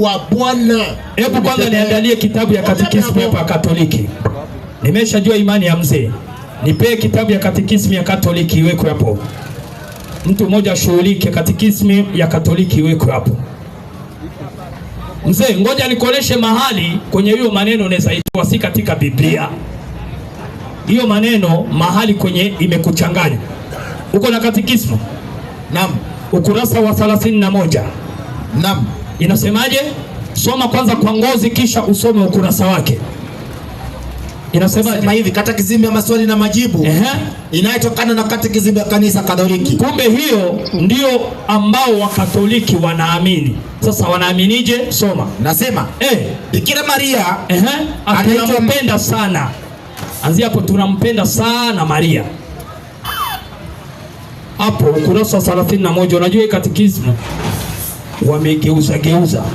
wa Bwana. Hebu kwanza niandalie kitabu ya katekismu hapa Katoliki. Nimeshajua imani ya mzee, nipee kitabu ya katekismu ya Katoliki iwekwe hapo, mtu mmoja ashughulike. Katekismu ya Katoliki iwekwe hapo. Mzee, ngoja nikuoneshe mahali kwenye hiyo maneno unaweza si katika Biblia hiyo maneno, mahali kwenye imekuchanganya. Uko na katekismu? Naam. Ukurasa wa 31. Naam inasemaje? Soma kwanza kwa ngozi, kisha usome ukurasa wake. Inasema hivi katekisimu ya maswali na majibu inayotokana na katekisimu ya kanisa Katoliki. Kumbe hiyo ndio ambao Wakatoliki wanaamini. Sasa wanaaminije? Soma, nasema eh, Bikira Maria tunampenda sana, anzia hapo, tunampenda sana Maria hapo ukurasa wa 31. Unajua katekisimu wamegeuza geuza